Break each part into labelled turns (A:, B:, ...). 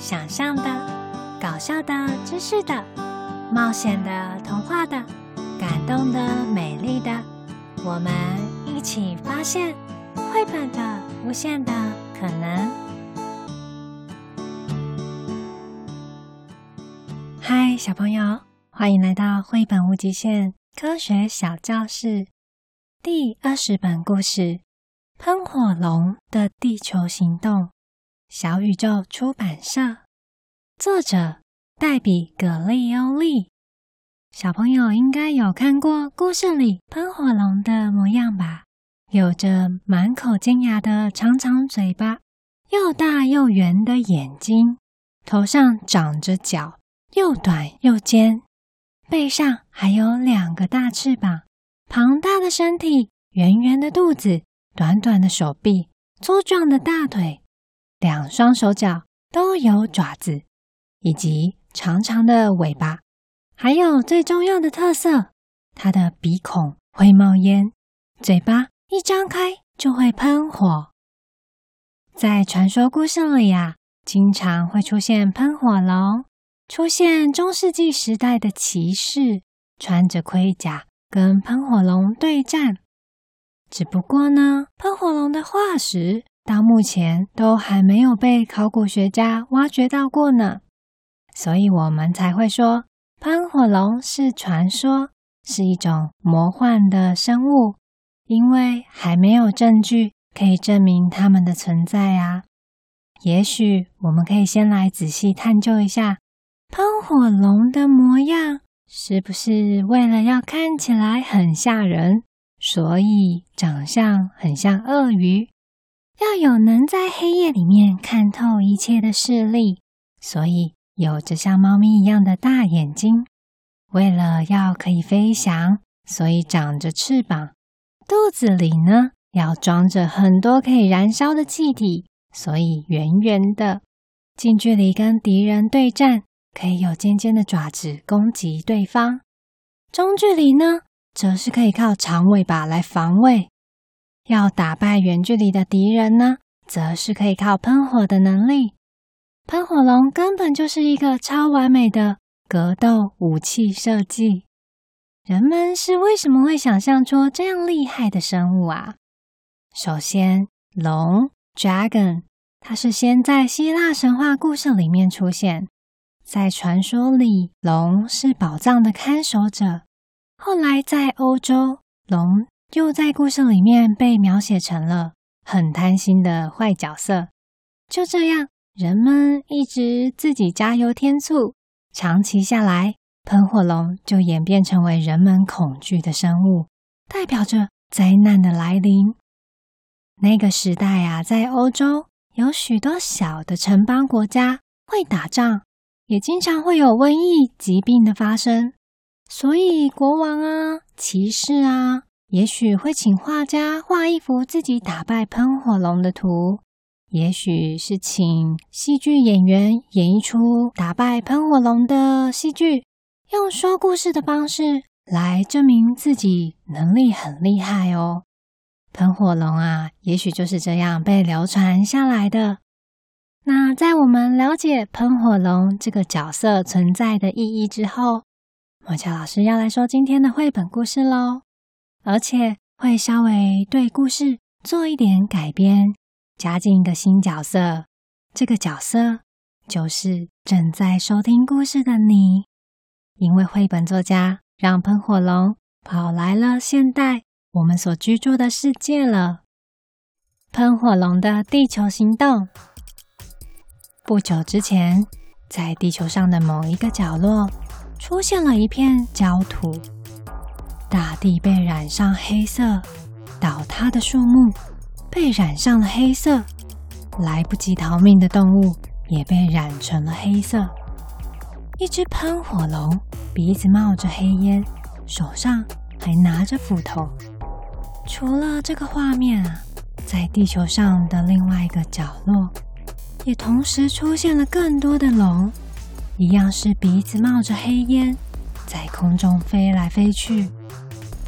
A: 想象的、搞笑的、知識的、冒險的、童話的、感動的、美麗的，我們一起發現繪本的無限的可能。嗨，小朋友，歡迎來到繪本無極限科學小教室第二十本故事《噴火龍的地球行動》。小宇宙出版社，作者黛比·葛莉歐利。小朋友應該有看過故事裡噴火龍的模樣吧？有着滿口尖牙的長長嘴巴，又大又圓的眼睛，頭上長着角，又短又尖，背上還有兩個大翅膀，龐大的身體，圓圓的肚子，短短的手臂，粗壯的大腿。兩雙手腳都有爪子，以及長長的尾巴，還有最重要的特色，它的鼻孔會冒煙，嘴巴一張開就會噴火。在傳說故事裡呀，經常會出現噴火龍，出現中世紀時代的騎士，穿着盔甲跟噴火龍對戰。只不過呢，噴火龍的化石。到目前都還沒有被考古學家挖掘到過呢，所以我們才會說噴火龍是傳說，是一種魔幻的生物，因為還沒有證據可以證明它們的存在啊。也許我們可以先來仔細探究一下噴火龍的模樣，是不是為了要看起來很嚇人，所以長相很像鱷魚？要有能在黑夜裡面看透一切的視力，所以有着像貓咪一樣的大眼睛。為了要可以飛翔，所以長着翅膀。肚子裡呢，要裝着很多可以燃燒的氣體，所以圓圓的。近距離跟敵人對戰，可以有尖尖的爪子攻擊對方。中距離呢，則是可以靠長尾巴來防衛。要打敗遠距離的敵人呢，則是可以靠噴火的能力。噴火龍根本就是一個超完美的格鬥武器設計。人們是為什麼會想象出這樣厲害的生物啊？首先，龍，dragon，它是先在希臘神話故事裡面出現，在傳說裡，龍是寶藏的看守者。後來在歐洲，龍，就在故事裡面被描寫成了很貪心的壞角色。就這樣，人們一直自己加油添醋，長期下來，噴火龍就演變成為人們恐懼的生物，代表着災難的來臨。那個時代啊，在歐洲有許多小的城邦國家會打仗，也經常會有瘟疫疾病的發生，所以國王啊，騎士啊。也許會請畫家畫一幅自己打敗噴火龍的圖，也許是請戲劇演員演一出打敗噴火龍的戲劇，用說故事的方式來證明自己能力很厲害哦。噴火龍啊，也許就是這樣被流傳下來的。那在我們了解噴火龍這個角色存在的意義之後，抹茶老師要來說今天的繪本故事嘍。而且會稍微對故事做一點改編，加進一個新角色。這個角色就是正在收聽故事的你。因為繪本作家讓噴火龍跑來了現代我們所居住的世界了。噴火龍的地球行動。不久之前，在地球上的某一個角落，出現了一片焦土。大地被染上黑色，倒塌的樹木被染上了黑色，來不及逃命的動物也被染成了黑色。一隻噴火龍鼻子冒着黑煙，手上還拿着斧頭。除了這個畫面啊，在地球上的另外一個角落，也同時出現了更多的龍，一樣是鼻子冒着黑煙，在空中飛來飛去。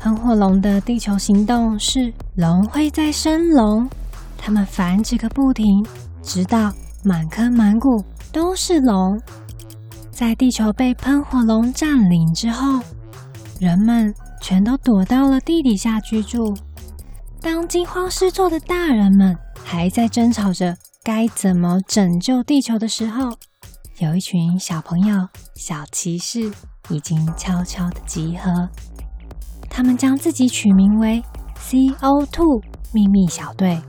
A: 噴火龍的地球行動。是龍會再生龍，它們繁殖個不停，直到滿坑滿谷都是龍。在地球被噴火龍佔領之後，人們全都躲到了地底下居住。當驚慌失措的大人們還在爭吵着該怎麼拯救地球的時候，有一群小朋友，小騎士，已經悄悄的集合。他們將自己取名為 CO2 秘密小隊。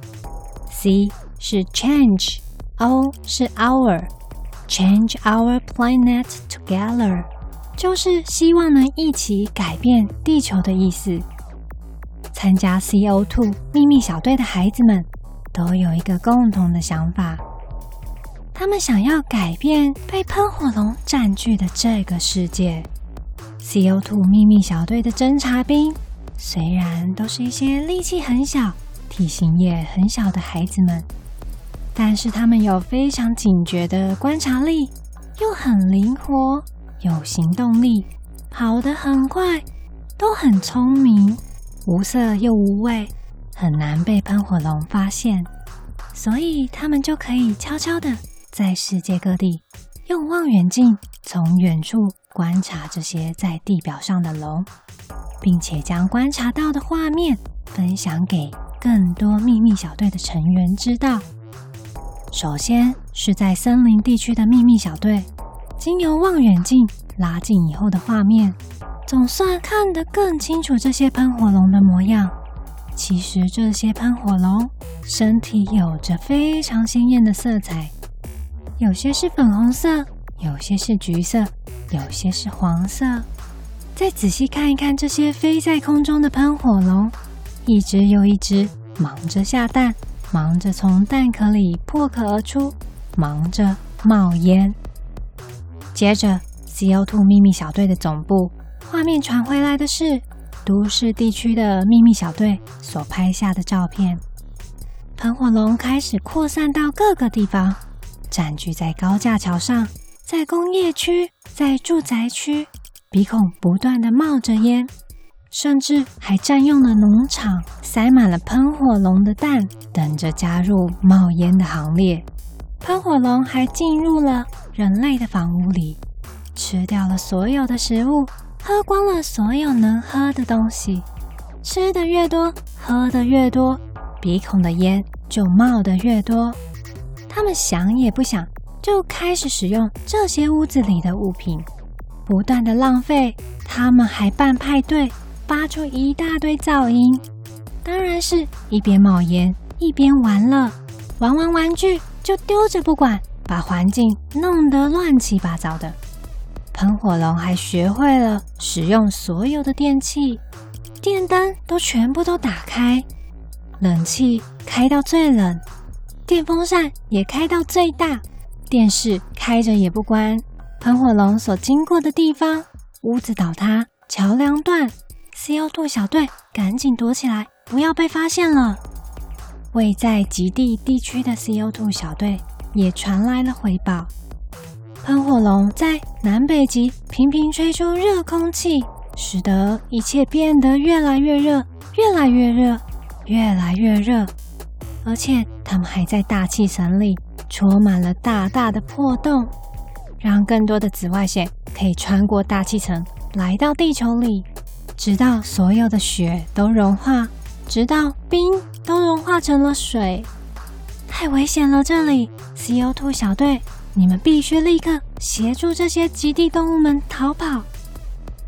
A: C 是 Change，O 是 Our，Change our planet together，就是希望能一起改變地球的意思。參加 CO2 秘密小隊的孩子們都有一個共同的想法，他們想要改變被噴火龍佔據的這個世界。CO2 祕密小隊的偵察兵，雖然都是一些力氣很小、體型也很小的孩子們，但是他們有非常警覺的觀察力，又很靈活，有行動力，跑得很快，都很聰明，無色又無味，很難被噴火龍發現，所以他們就可以悄悄地在世界各地。用望遠鏡從遠處觀察這些在地表上的龍，並且將觀察到的畫面分享給更多秘密小隊的成員知道。首先是在森林地區的秘密小隊，經由望遠鏡拉近以後的畫面，總算看得更清楚這些噴火龍的模樣。其實這些噴火龍身體有着非常鮮豔的色彩。有些是粉紅色，有些是橘色，有些是黃色。再仔細看一看這些飛在空中的噴火龍，一隻又一隻，忙着下蛋，忙着從蛋殼裡破殼而出，忙着冒煙。接着，CO2 秘密小隊的總部畫面傳回來的是都市地區的秘密小隊所拍下的照片。噴火龍開始擴散到各個地方。佔據在高架橋上，在工業區，在住宅區，鼻孔不斷地冒着煙，甚至還佔用了農場，塞滿了噴火龍的蛋，等着加入冒煙的行列。噴火龍還進入了人類的房屋裡，吃掉了所有的食物，喝光了所有能喝的東西。吃得越多，喝得越多，鼻孔的煙就冒得越多。他們想也不想就開始使用這些屋子裡的物品，不斷的浪費。他們還辦派對，發出一大堆噪音，當然是一邊冒煙一邊玩了。玩完玩，玩具就丟着不管，把環境弄得亂七八糟的。噴火龍還學會了使用所有的電器，電燈都全部都打開，冷氣開到最冷。電風扇也開到最大，電視開着也不關。噴火龍所經過的地方，屋子倒塌，橋梁斷。CO2 小隊趕緊躲起來，不要被發現了。位在極地地區的 CO2 小隊也傳來了回報：噴火龍在南北極頻頻吹出熱空氣，使得一切變得越來越熱，越來越熱，越來越熱。而且他們還在大氣層裡戳滿了大大的破洞，讓更多的紫外線可以穿過大氣層來到地球裡，直到所有的雪都融化，直到冰都融化成了水。太危險了，這裡！CO2 小隊，你們必須立刻協助這些極地動物們逃跑，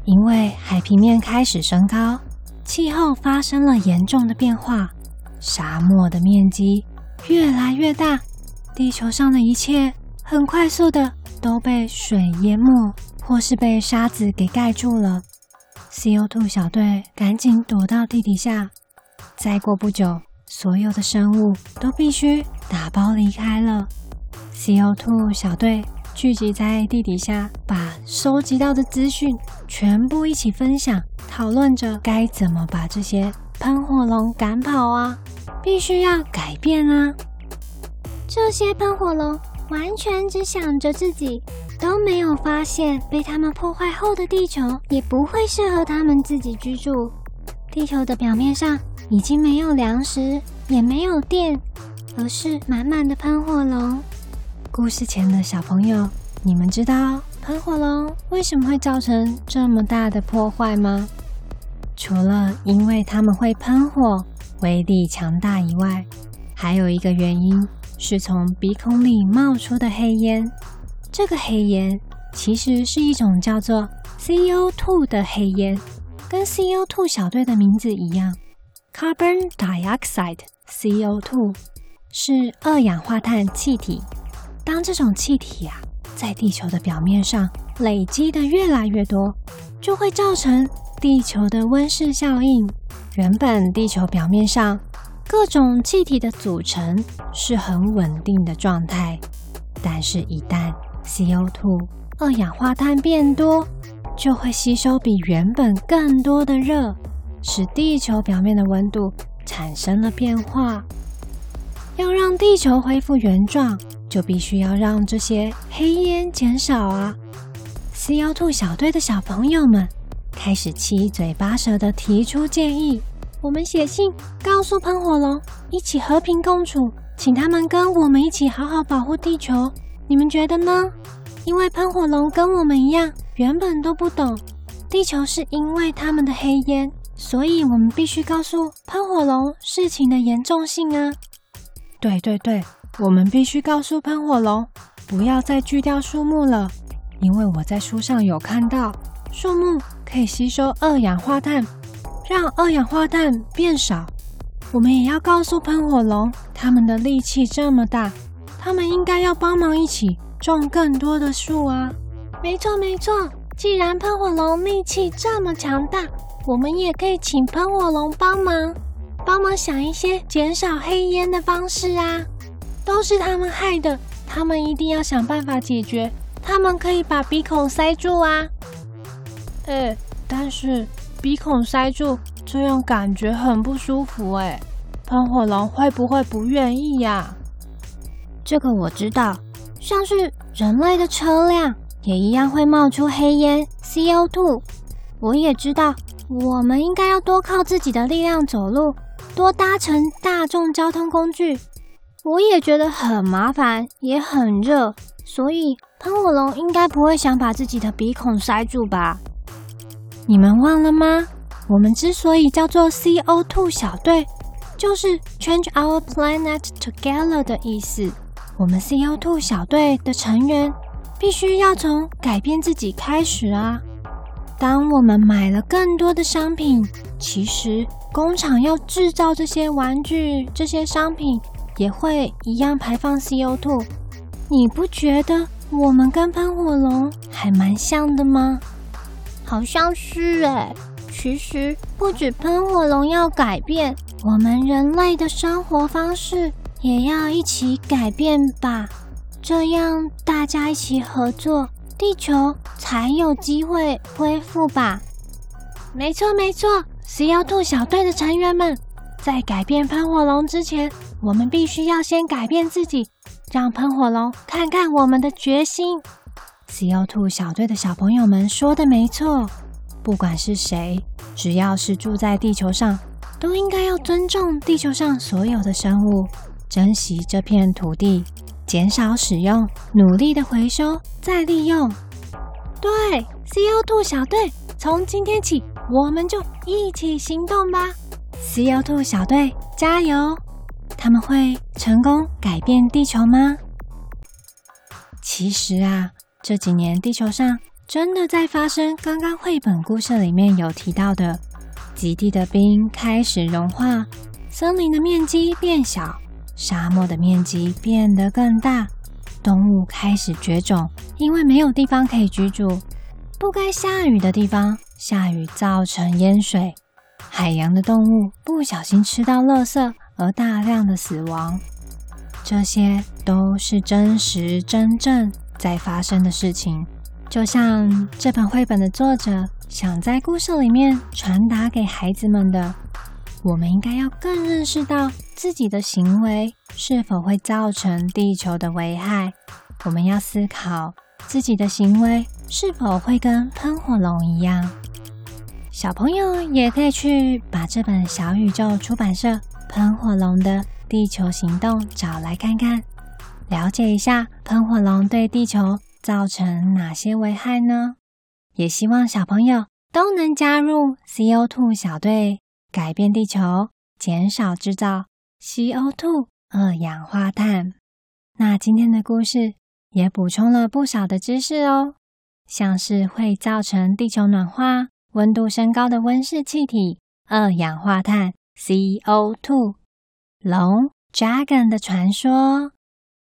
A: 因為海平面開始升高，氣候發生了嚴重的變化。沙漠的面積越來越大，地球上的一切很快速的都被水淹沒，或是被沙子給蓋住了。CO2 小隊趕緊躲到地底下，再過不久，所有的生物都必須打包離開了。CO2 小隊聚集在地底下，把收集到的資訊全部一起分享，討論着該怎麼把這些噴火龍趕跑啊！必須要改變啊！這些噴火龍完全只想着自己，都沒有發現被他們破壞後的地球，也不會適合他們自己居住。地球的表面上已經沒有糧食，也沒有電，而是滿滿的噴火龍。故事前的小朋友，你們知道噴火龍為什麼會造成這麼大的破壞嗎？除了因為他們會噴火。威力強大以外，還有一個原因是從鼻孔裡冒出的黑煙。這個黑煙其實是一種叫做 CO2 的黑煙，跟 CO2 小隊的名字一樣，Carbon Dioxide CO2 是二氧化碳氣體。當這種氣體啊，在地球的表面上累積的越來越多，就會造成地球的溫室效應。原本地球表面上各種氣體的組成是很穩定的狀態，但是，一旦 CO2 二氧化碳變多，就會吸收比原本更多的熱，使地球表面的溫度產生了變化。要讓地球恢復原狀，就必須要讓這些黑煙減少啊！CO2 小隊的小朋友們。開始七嘴八舌地提出建議。我們寫信告訴噴火龍，一起和平共處，請他們跟我們一起好好保護地球。你們覺得呢？因為噴火龍跟我們一樣，原本都不懂地球是因為他們的黑煙，所以我們必須告訴噴火龍事情的嚴重性啊！對對對，我們必須告訴噴火龍，不要再鋸掉樹木了，因為我在書上有看到。樹木可以吸收二氧化碳，讓二氧化碳變少。我們也要告訴噴火龍，它們的力氣這麼大，它們應該要幫忙一起種更多的樹啊！沒錯沒錯，既然噴火龍力氣這麼強大，我們也可以請噴火龍幫忙，幫忙想一些減少黑煙的方式啊！都是他們害的，他們一定要想辦法解決。他們可以把鼻孔塞住啊！哎、欸，但是鼻孔塞住，這樣感覺很不舒服哎、欸。噴火龍會不會不願意呀、啊？這個我知道，像是人類的車輛也一樣會冒出黑煙 CO2。我也知道，我們應該要多靠自己的力量走路，多搭乘大眾交通工具。我也覺得很麻煩，也很熱，所以噴火龍應該不會想把自己的鼻孔塞住吧。你們忘了嗎？我們之所以叫做 CO2 小隊，就是 Change Our Planet Together 的意思。我們 CO2 小隊的成員，必須要從改變自己開始啊！當我們買了更多的商品，其實工廠要制造這些玩具、這些商品，也會一樣排放 CO2。你不覺得我們跟噴火龍還蠻像的嗎？好像是欸，其實不止噴火龍要改變，我們人類的生活方式也要一起改變吧。這樣大家一起合作，地球才有機會恢復吧。沒錯沒錯，CO2 小隊的成員們，在改變噴火龍之前，我們必須要先改變自己，讓噴火龍看看我們的決心。CO2 小隊的小朋友們說的沒錯，不管是誰，只要是住在地球上，都應該要尊重地球上所有的生物，珍惜這片土地，減少使用，努力的回收，再利用。對，CO2 小隊，從今天起，我們就一起行動吧！CO2 小隊，加油！他們會成功改變地球嗎？其實啊。這幾年，地球上真的在發生剛剛繪本故事裡面有提到的：極地的冰開始融化，森林的面積變小，沙漠的面積變得更大，動物開始絕種，因為沒有地方可以居住；不該下雨的地方下雨，造成淹水；海洋的動物不小心吃到垃圾而大量的死亡。這些都是真實、真正。在發生的事情，就像這本繪本的作者想在故事裡面傳達給孩子們的：我們應該要更認識到自己的行為是否會造成地球的危害。我們要思考自己的行為是否會跟噴火龍一樣。小朋友也可以去把這本小宇宙出版社《噴火龍的地球行動》找來看看。了解一下噴火龍對地球造成哪些危害呢？也希望小朋友都能加入 CO2 小隊，改變地球，減少製造 CO2 二氧化碳。那今天的故事也補充了不少的知識哦，像是會造成地球暖化、溫度升高的溫室氣體、二氧化碳 CO2 龍 Dragon 的傳說。